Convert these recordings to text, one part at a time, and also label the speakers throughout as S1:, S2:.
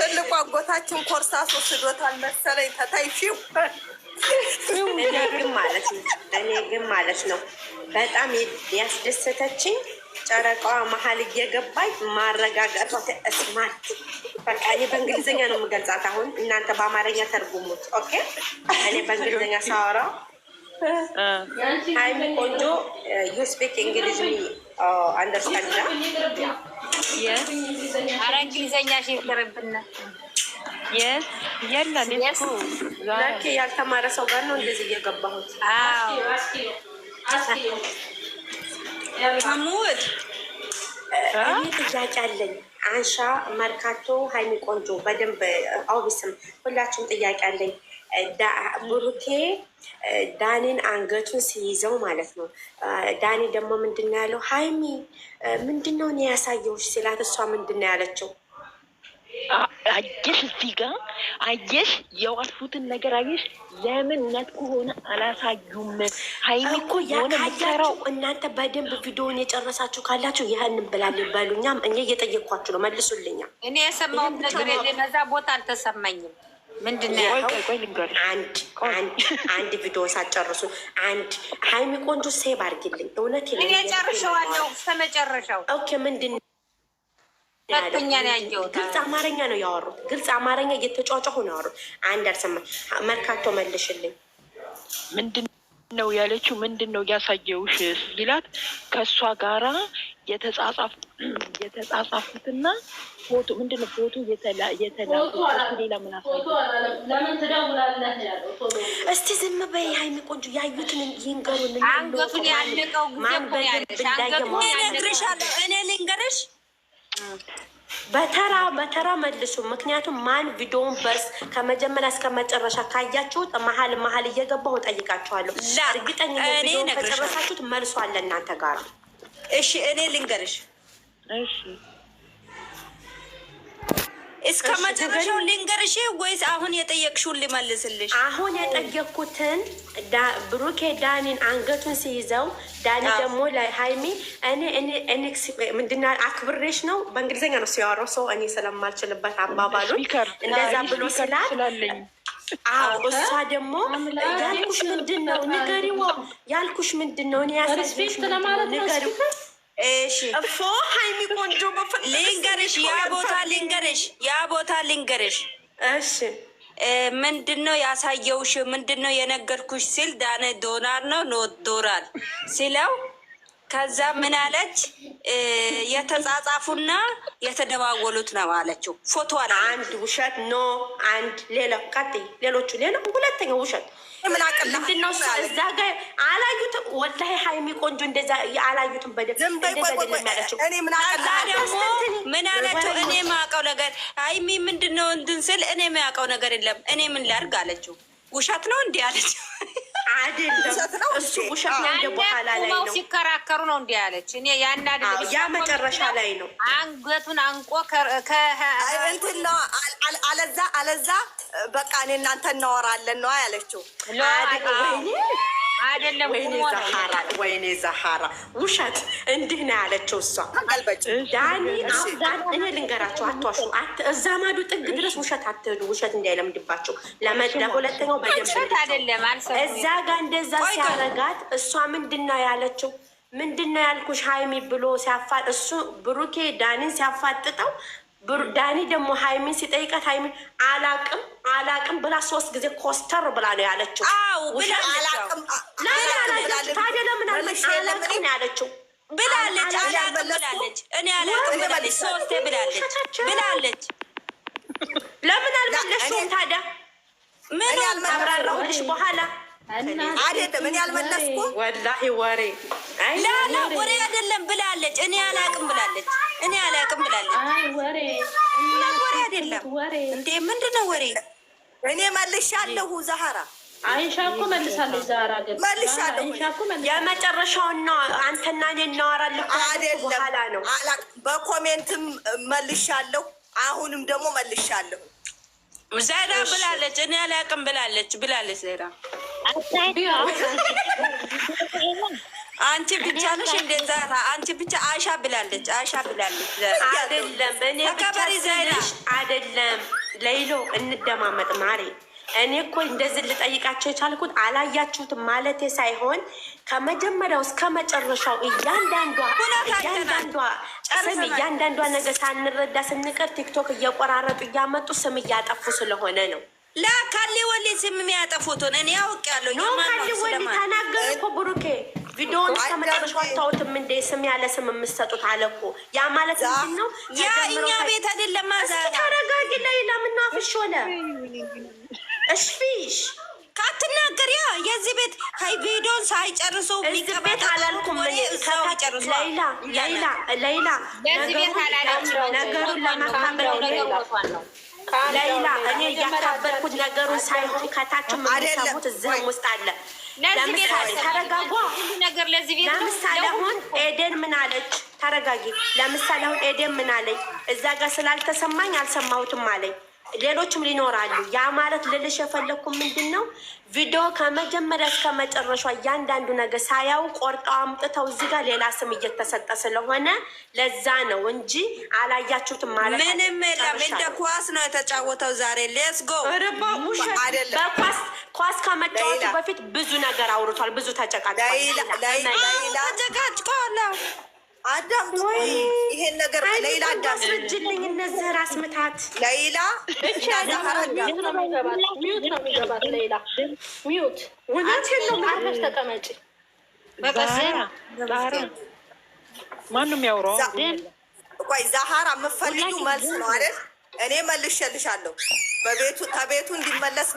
S1: ትልቁ አጎታችን ኮርሳስ ወስዶታል መሰለኝ። እኔ ግን ማለት ነው እኔ ግን ማለት ነው በጣም ያስደሰተችኝ ጨረቃዋ መሀል እየገባች ማረጋጋቷ ስማርት። በቃ እኔ በእንግሊዝኛ ነው የምገልጻት። አሁን እናንተ በአማርኛ ተርጉሙት። ኦኬ እኔ በእንግሊዝኛ ሳወራው ሀይሚ ቆንጆ ዩ ስፒክ እንግሊዝ አንደርስታንድ ኧረ እንግሊዘኛሽ ይቅርብና ያልተማረ ሰው ጋር ነው እንደዚህ እየገባሁት። ሙድ ጥያቄ አለኝ። አንሻ መርካቶ ሀይሚ ቆንጆ በደንብ አውቢስም ሁላችሁም ጥያቄ አለኝ። ብሩኬ ዳኒን አንገቱን ሲይዘው ማለት ነው። ዳኒ ደግሞ ምንድን ነው ያለው? ሀይሚ ምንድን ነው እኔ ያሳየሁሽ ሲላት እሷ ምንድን ነው ያለችው? አየሽ፣ እዚህ ጋ አየሽ፣ የዋልፉትን ነገር አየሽ። ለምን እውነት ሆነ አላሳዩም። ሀይሚ እኮ ያካያቸው እናንተ በደንብ ቪዲዮን የጨረሳችሁ ካላችሁ ይህን ብላል በሉኛም። እኛ እየጠየቅኳችሁ ነው፣ መልሱልኛ። እኔ የሰማሁት ነገር የለም፣ እዛ ቦታ አልተሰማኝም። ምንድን ነው አንድ አንድ ቪዲዮ ሳትጨርሱ አንድ ሀይሚ ቆንጆ ሴብ አድርጊልኝ። እውነት ጨርሸዋለሁ ኦኬ ምንድን ግልጽ አማርኛ ነው ያወሩት። ግልጽ አማርኛ እየተጫጫሁ ነው ያወሩት። አንድ አልሰማ መርካቶ መልሽልኝ። ምንድን ነው ያለችው? ምንድን ነው ያሳየውሽ ሲላት ከእሷ ጋራ የተጻጻፉትና ፎቶ ምንድን ፎቶ የተላኩት ሌላ ምን እስቲ ዝም በይ ሀይሚ ቆንጆ፣ ያዩትን ይንገሩን። አንገቱን ያለቀው እኔ ልንገርሽ፣ በተራ በተራ መልሱ። ምክንያቱም ማን ቪዲዮውን በርስ ከመጀመሪያ እስከ መጨረሻ ካያችሁት መሀል መሀል እየገባሁ ጠይቃችኋለሁ። እርግጠኛ ቪዲዮውን ከጨረሳችሁት መልሶ አለ እናንተ ጋር እሺ እኔ ልንገርሽ፣ እሺ እስከ መጨረሻው ልንገርሽ ወይስ አሁን የጠየቅሽውን ልመልስልሽ? አሁን የጠየቅኩትን ብሩኬ ዳኒን አንገቱን ሲይዘው ዳኒ ደግሞ ለሀይሚ እኔ ምንድን አክብሬሽ ነው። በእንግሊዝኛ ነው ሲያወራው ሰው እኔ ስለማልችልበት አባባሉን እንደዛ ብሎ ስላል እሷ ደግሞ ያልኩሽ ምንድን ነው ንገሪው፣ ያልኩሽ ምንድን ነው እኔ እፎ ሀይሚ ቆንጆ ልንገርሽ፣ ያ ቦታ ልንገርሽ፣ ያ ቦታ ልንገርሽ። እሺ ምንድን ነው ያሳየውሽ? ምንድን ነው የነገርኩሽ? ሲል ዳነ ዶናር ነው ኖ ዶራል ሲለው ከዛ ምን አለች? የተጻጻፉና የተደዋወሉት ነው አለችው። ፎቶ አለ አንድ ውሸት ኖ አንድ ሌላ ቀጥ ሌሎቹ ሌላ ሁለተኛ ውሸት እዛ አላዩትም። ወላሂ ሀይሚ ቆንጆ እንደዛ አላዩትም። ምን አለችው? እኔ የማውቀው ነገር ሀይሚ ምንድነው እንትን ስል እኔ የማያውቀው ነገር የለም። እኔ ምን ላርግ አለችው። ውሸት ነው እንዲህ አለችው። አይደለም ነው። እንደ ሲከራከሩ ነው እንዲህ ያለች። እኔ ያን ያ መጨረሻ ላይ ነው አንገቱን አንቆ እንትን ነው አለዛ አለዛ በቃ እኔ እናንተ እናወራለን ነው ያለችው። ወይኔ ዘሐራ ውሸት እንዲህ ነው ያለችው እሷ። ዳኒ አፍጋን እኔ ልንገራቸው፣ አትዋሹ። እዛ ማዶ ጥግ ድረስ ውሸት አትሄዱ፣ ውሸት እንዳይለምድባቸው ለመዳ ሁለተኛው እዛ ጋር እንደዛ ሲያረጋት እሷ ምንድን ነው ያለችው? ምንድን ነው ያልኩሽ ሀይሚ ብሎ ሲያፋ እሱ ብሩኬ ዳኒን ሲያፋጥጠው ዳኒ ደግሞ ሀይሚን ሲጠይቀት ሀይሚን አላቅም አላቅም ብላ ሶስት ጊዜ ኮስተር ብላ ነው ያለችው። ታዲያ ለምን አላቅም ያለችው? ብላለች ብላለች። እኔ አላቅም ብላለች። ሶስቴ ብላለች ብላለች። ለምን አልመለሽም ታዲያ? ምን አብራራሁልሽ በኋላ አይደለም እኔ አልመለስኩም። ወላሂ ወሬ ላላ ወሬ አይደለም ብላለች። እኔ አላቅም ብላለች። እኔ አላቅም ብላለች። ወሬ አይደለም እንዴ! ምንድን ነው ወሬ? እኔ መልሻለሁ። ዛህራ አይሻ እኮ መልሳለሁ። ዛህራ መልሻለሁ። የመጨረሻውን ነው። አንተና እኔ እናወራለን በኋላ ነው። በኮሜንትም መልሻለሁ። አሁንም ደግሞ መልሻለሁ። ዛይራ ብላለች። እኔ አላቅም ብላለች ብላለች ዛይራ አንቺ ብቻ ነሽ እንደዛ? አንቺ ብቻ አሻ ብላለች፣ አሻ ብላለች። አይደለም አይደለም ለይሎ እንደማመጥ ማሬ እኔ እኮ እንደዚህ ልጠይቃቸው የቻልኩት አላያችሁት ማለቴ ሳይሆን ከመጀመሪያው እስከ መጨረሻው እያንዳንዷ እያንዳንዷ ስም እያንዳንዷ ነገር ሳንረዳ ስንቀር ቲክቶክ እየቆራረጡ እያመጡ ስም እያጠፉ ስለሆነ ነው። ለካሌ ወሌ ስም የሚያጠፉትን እኔ አውቄያለሁ። ካሌ ወሌ ተናገር እኮ ብሩኬ፣ ቪዲዮውን እስከመጨረሻው አታዩትም እንዴ? ስም ያለ ስም የምትሰጡት አለ እኮ። ያ ማለት ምንድን ነው? ያ እኛ ቤት አይደለም። ማዛ ተረጋጊ። ላይ ለምናፍሽ ሆነ እሽፊሽ ካትናገር ያ የዚህ ቤት ሀይ ቪዲዮን ሳይጨርሱ ቤት አላልኩም። ሌላ ሌላ ሌላ ነገሩን ለማካበል ነው ለይላ እኔ እያካበልኩት ነገሩን ሳይሆን ከታች የምንሰሙት እዚህም ውስጥ አለ። ለምሳሌ አሁን ኤደን ምን አለች? ተረጋጊ። ለምሳሌ አሁን ኤደን ምን አለኝ? እዛ ጋር ስላልተሰማኝ አልሰማሁትም አለኝ ሌሎችም ሊኖራሉ። ያ ማለት ልልሽ የፈለግኩ ምንድን ነው ቪዲዮ ከመጀመሪያ እስከ መጨረሻ እያንዳንዱ ነገር ሳያው ቆርጠው አምጥተው እዚህ ጋር ሌላ ስም እየተሰጠ ስለሆነ ለዛ ነው እንጂ አላያችሁትም ማለት ምንም የለም። እንደ ኳስ ነው የተጫወተው ዛሬ። ሌስ ጎ በኳስ ኳስ ከመጫወቱ በፊት ብዙ ነገር አውርቷል። ብዙ ተጨቃጭቋል። ተጨቃጭቋለሁ አዳም ይሄን ነገር ሌላ አዳም አስረጅልኝ። እነዚህ ራስ ምታት ሌላ ሚዩት ማንም ያውራው ቆይ፣ ዛሃራ የምፈልጊው መልስ ነው አይደል? እኔ መልሼልሻለሁ። በቤቱ ከቤቱ እንዲመለስ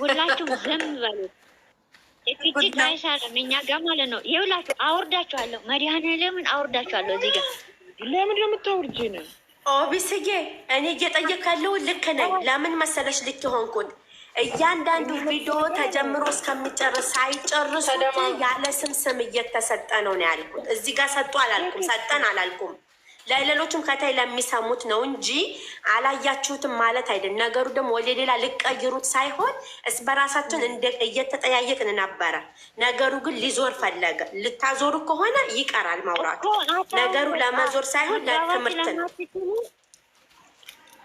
S1: ሁላችሁ ዝም እጅግ ናይስ እኛ ጋር ማለት ነው። ይኸውላችሁ አውርዳችኋለሁ፣ መድኃኒዓለምን አውርዳችኋለሁ። እዚህ ጋር ለምን ነው የምታውርጂን? ኦቢስዬ እኔ እየጠየቅ ያለው ልክ ነኝ። ለምን መሰለሽ ልክ ሆንኩን እያንዳንዱ ቪዲዮ ተጀምሮ እስከሚጨርስ ሳይጨርሱ ያለ ስም ስም እየተሰጠ ነው ነው ያልኩት። እዚህ ጋር ሰጡ አላልኩም፣ ሰጠን አላልኩም። ለሌሎችም ከታይ ለሚሰሙት ነው እንጂ አላያችሁትም ማለት አይደል። ነገሩ ደግሞ ወደ ሌላ ልቀይሩት ሳይሆን እስ በራሳችን እየተጠያየቅን ነበረ። ነገሩ ግን ሊዞር ፈለገ። ልታዞሩ ከሆነ ይቀራል ማውራቱ። ነገሩ ለመዞር ሳይሆን ለትምህርት ነው።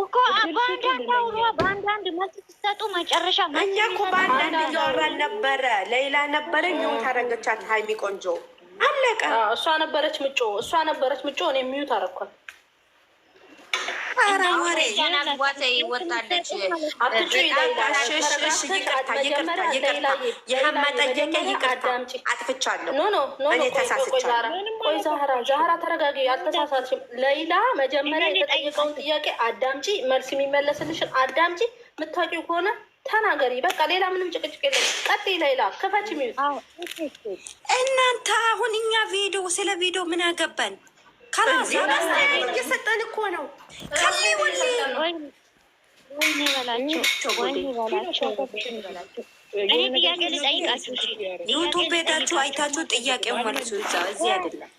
S1: እኮ በአንዳንድ አውሮ በአንዳንድ መልስ ስትሰጡ መጨረሻ እኛ እኮ በአንዳንድ እያወራን ነበረ። ሌላ ነበረ ሚዩት አደረገቻት ሀይሚ ቆንጆ አለቀ። እሷ ነበረች ምጮ እሷ ነበረች ምጮ እኔ ሚዩት አደረኳት። ዛህራ ተረጋጊ፣ አልተሳሳትሽም። ለይላ መጀመሪያ የተጠየቀውን ጥያቄ አዳምጪ፣ መልስ የሚመለስልሽን አዳምጪ። የምታውቂው ከሆነ ተናገሪ። በቃ ሌላ ምንም ጭቅጭቅ የለም። ቀጥይ ሌላ ክፈች ሚዩት እናንተ አሁን እኛ ቪዲዮ ስለ ቪዲዮ ምን አገባን? ከራስያስተያየት እየሰጠን እኮ ነው። እኔ ጥያቄ ልጠይቃችሁ። ዩቱብ ቤታችሁ አይታችሁ ጥያቄ መልሱ እዚህ አይደለም።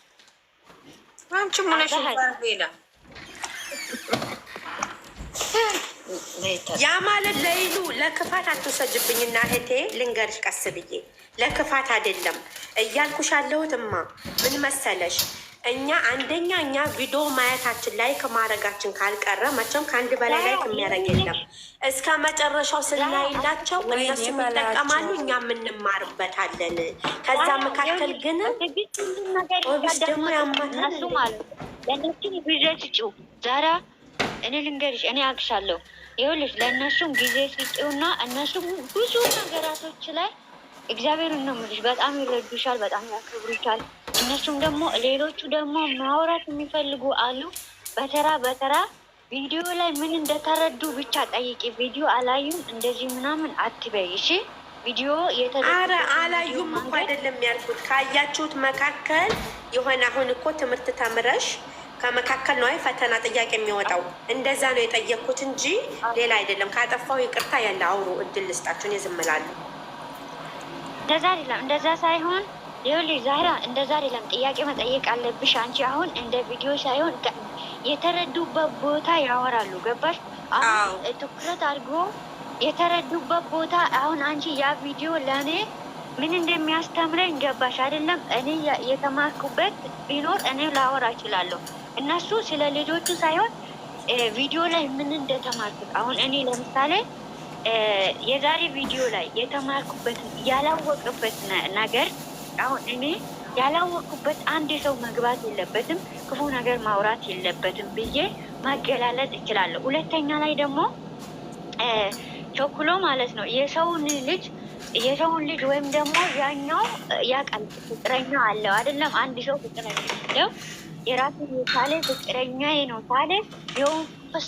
S1: አንቺም ሆነሽ ያ ማለት ለይሉ ለክፋት አትወሰጅብኝና እህቴ ልንገርሽ ቀስ ብዬ ለክፋት አይደለም እያልኩሽ ያለሁትማ ምን መሰለሽ እኛ አንደኛ እኛ ቪዲዮ ማየታችን ላይክ ማድረጋችን ካልቀረ መቼም ከአንድ በላይ ላይክ የሚያደርግ የለም። እስከ መጨረሻው ስናይላቸው እነሱ ይጠቀማሉ፣ እኛም እንማርበታለን። ከዛ መካከል ግን ደግሞ ያማታል ለእነሱም ጊዜ ስጪው። ዛራ እኔ ልንገርሽ፣ እኔ አግሻለሁ። ይኸውልሽ ለእነሱም ጊዜ ስጪውና እነሱም ብዙ ነገራቶች ላይ እግዚአብሔር ነው የምልሽ፣ በጣም ይረዱሻል፣ በጣም ያከብሩሻል። እነሱም ደግሞ ሌሎቹ ደግሞ ማውራት የሚፈልጉ አሉ። በተራ በተራ ቪዲዮ ላይ ምን እንደተረዱ ብቻ ጠይቂ። ቪዲዮ አላዩም እንደዚህ ምናምን አትበይ እሺ። ቪዲዮ የተረ አላዩም እኮ አይደለም ያልኩት፣ ካያችሁት መካከል የሆነ አሁን እኮ ትምህርት ተምረሽ ከመካከል ነው ፈተና ጥያቄ የሚወጣው። እንደዛ ነው የጠየኩት እንጂ ሌላ አይደለም። ካጠፋው ይቅርታ ያለ አውሩ፣ እድል ልስጣችሁን። የዝምላሉ እንደዛ አይደለም፣ እንደዛ ሳይሆን ይኸውልሽ ዛራ ዛሬ ለም ጥያቄ መጠየቅ አለብሽ። አንቺ አሁን እንደ ቪዲዮ ሳይሆን የተረዱበት ቦታ ያወራሉ። ገባሽ? አሁን ትኩረት አድርጎ የተረዱበት ቦታ አሁን አንቺ ያ ቪዲዮ ለእኔ ምን እንደሚያስተምረኝ ገባሽ አይደለም? እኔ የተማርኩበት ቢኖር እኔ ላወራ እችላለሁ። እነሱ ስለ ልጆቹ ሳይሆን ቪዲዮ ላይ ምን እንደተማርኩት አሁን እኔ ለምሳሌ የዛሬ ቪዲዮ ላይ የተማርኩበት ያላወቅበት ነገር አሁን እኔ ያላወቅኩበት አንድ ሰው መግባት የለበትም፣ ክፉ ነገር ማውራት የለበትም ብዬ ማገላለጥ እችላለሁ። ሁለተኛ ላይ ደግሞ ቸኩሎ ማለት ነው የሰውን ልጅ የሰውን ልጅ ወይም ደግሞ ያኛው ያቀል ፍቅረኛ አለው አይደለም። አንድ ሰው ፍቅረኛ አለው የራሱ የቻለ ፍቅረኛ ነው ካለ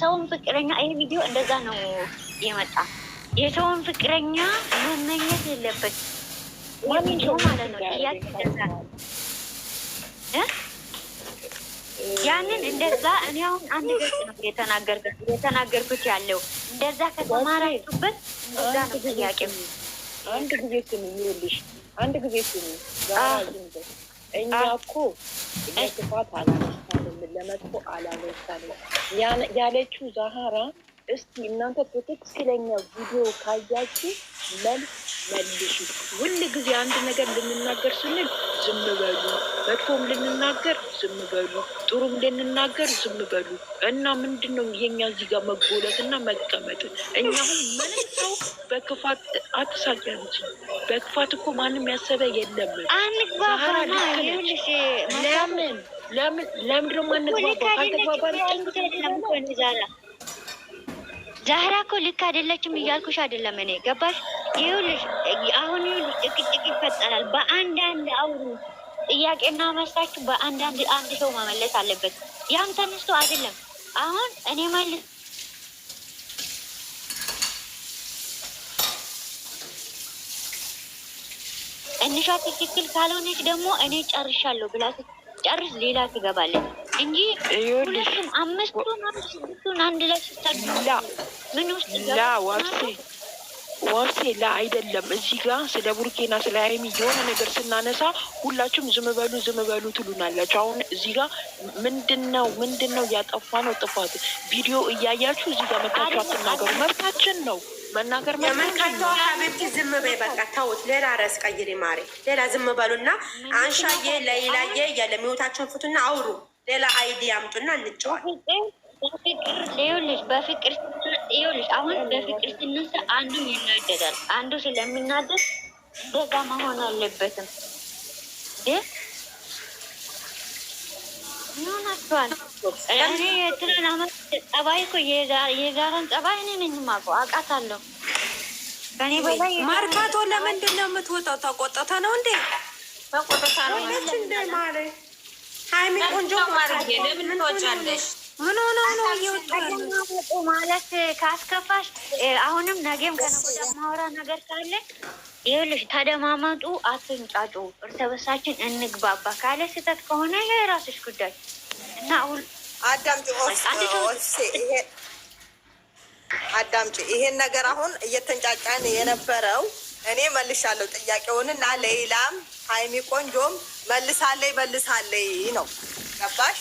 S1: ሰውን ፍቅረኛ ይህ ቪዲዮ እንደዛ ነው የመጣ የሰውን ፍቅረኛ መመኘት የለበት ማንኛውም ማለት ነው ጥያቄ እንደዛ ያንን እንደዛ እኔ አሁን አንድ ገጽ ነው የተናገርኩት ያለው እንደዛ ከተማራችሁበት እንደዛ ነው ጥያቄው። አንድ ጊዜ ስሚ ይኸውልሽ፣ አንድ ጊዜ ስሚ እኛ እኮ ለክፋት አላነሳንም፣ ለመጥፎ አላነሳንም ያለችው ዛሃራ። እስቲ እናንተ ትክክለኛ ቪዲዮ ካያችሁ መልስ መልሱ። ሁል ጊዜ አንድ ነገር ልንናገር ስንል ዝም በሉ፣ መጥፎም ልንናገር ዝም በሉ፣ ጥሩም ልንናገር ዝም በሉ እና ምንድን ነው የኛ እዚህ ጋር መጎለትና መቀመጥ? እኛ አሁን ምንም ሰው በክፋት አትሳያንች። በክፋት እኮ ማንም ያሰበ የለም። ለምን ለምን ዛህራ እኮ ልክ አይደለችም እያልኩሽ አይደለም እኔ ገባሽ ይኸውልሽ አሁን ይኸውልሽ ጭቅጭቅ ይፈጠራል። በአንዳንድ አውሩ ጥያቄና መልሳችሁ በአንዳንድ አንድ ሰው መመለስ አለበት። ያም ተነስቶ አይደለም። አሁን እኔ መልስ እንሻ ትክክል ካልሆነች ደግሞ እኔ ጨርሻለሁ ብላ ጨርስ ሌላ ትገባለች እንጂ ሁለቱም አምስቱን አንድ ላይ ስታ ምን ውስጥ ዋሴ ላ አይደለም እዚህ ጋር ስለ ቡርኬና ስለ ሀይሚ የሆነ ነገር ስናነሳ ሁላችሁም ዝም በሉ ዝም በሉ ትሉናላችሁ። አሁን እዚህ ጋር ምንድን ነው ምንድን ነው ያጠፋ ነው ጥፋት? ቪዲዮ እያያችሁ እዚህ ጋር መታችሁ አትናገሩ። መብታችን ነው መናገር መመልካቷ ሀቢብቲ ዝም በይ በቃ ተውት። ሌላ ረስ ቀይሪ ማሬ። ሌላ ዝም በሉና አንሻዬ ለይላዬ የለሚወታቸውን ፍቱና አውሩ። ሌላ አይዲ ያምጡና እንጫዋል። በፍቅር ይኸውልሽ አሁን በፍቅር ስነሳ አንዱ ይናደዳል። አንዱ ስለሚናደድ ደጋ መሆን አለበትም። ግን ይሆናቸዋል። እኔ የትልን አመት ጸባይ እኮ የጋራን ጸባይ እኔ ነኝ የማውቀው፣ አውቃታለሁ። ከኔ በላይ ማርካቶ ለምንድን ነው የምትወጣው? ተቆጥታ ነው እንዴ? ተቆጥታ ነው እንደ ማለ ሀይሚ ቆንጆ ማርጌ ለምን ትወጫለሽ? ምን ሆኖ ነው እየወጣለን ማለት ካስከፋሽ፣ አሁንም ነገም ከነገ ወዲያ ማወራ ነገር ካለ ይኸውልሽ፣ ተደማመጡ፣ አትንጫጩ፣ እርተበሳችን እንግባባ ካለ ስህተት ከሆነ የራስሽ ጉዳይ እና አሁን አዳምጪ አዳምጪ። ይሄን ነገር አሁን እየተንጫጫን የነበረው እኔ መልሻለሁ ጥያቄውን እና ለይላም ሀይሚ ቆንጆም መልሳለይ መልሳለይ ነው ገባሽ?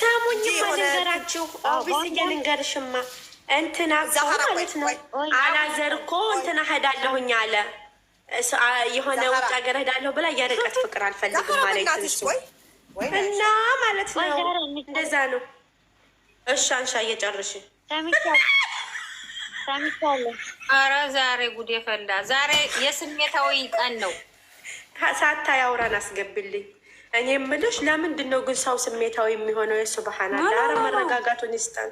S1: ሰሙኝማ ልንገራችሁ። ኦፊስ እየልንገርሽማ እንትና እኮ ማለት ነው አላዘር እኮ እንትና እሄዳለሁኝ አለ የሆነ ውጭ ሀገር እሄዳለሁ ብላ እያደቀት ፍቅር አልፈልግም ማለት እና ማለት ነው እንደዛ ነው። እሺ አንሻ እየጨርሽ ኧረ ዛሬ ጉዴ ፈላ። ዛሬ የስሜታዊ ቀን ነው። ሳታ ያውራን አስገብልኝ እኔ የምልሽ ለምንድን ነው ግን ሰው ስሜታዊ የሚሆነው? የሱብሃና ኧረ መረጋጋቱን ይስጠን።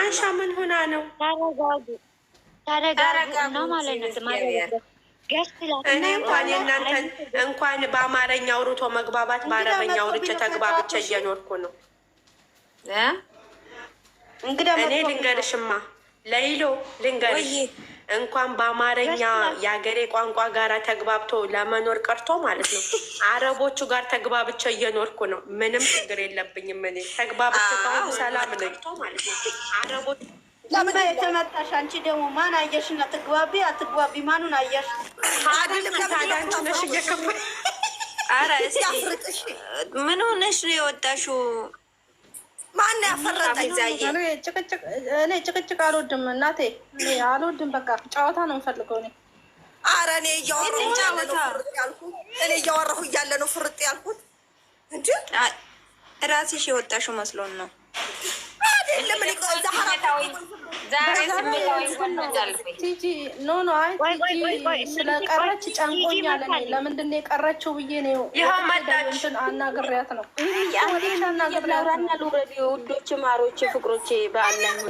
S1: አንሻ ምን ሆና ነው? እኔ እንኳን የእናንተን እንኳን በአማርኛ አውርቶ መግባባት በአረበኛ አውርቼ ተግባብቼ እየኖርኩ ነው። እኔ ልንገርሽማ ለይሎ ልንገርሽ እንኳን በአማርኛ የሀገሬ ቋንቋ ጋር ተግባብቶ ለመኖር ቀርቶ ማለት ነው አረቦቹ ጋር ተግባብቼ እየኖርኩ ነው። ምንም ችግር የለብኝም። እኔ ተግባብቼ ከሆኑ ሰላም ነኝቶ ማለት ነው። አረቦቹ ለምን የተመጣሽ አንቺ ደግሞ ማን አየሽና ትግባቢ አትግባቢ ማኑን አየሽ አይደለም ታዳንቺ ነሽ እየከበ ኧረ ምን ሆነሽ ነው የወጣሽው? ማን ያፈረጠኝ? ዛዬ እኔ ጭቅጭቅ አልወድም፣ እናቴ አልወድም። በቃ ጨዋታ ነው የምፈልገው እኔ። አረ እኔ እያወራሁ እኔ እያወራሁ እያለ ነው ፍርጥ ያልኩት። እንዲ ራሴሽ የወጣሽው መስሎን ነው አይደለም። ኖ ኖ፣ አይ ስለቀረች ጨንቆኛል። ለምንድን ነው የቀረችው ብዬ ነው እንትን አናግሪያት ነው ውዶች፣ ማሮች፣ ፍቅሮቼ በአለ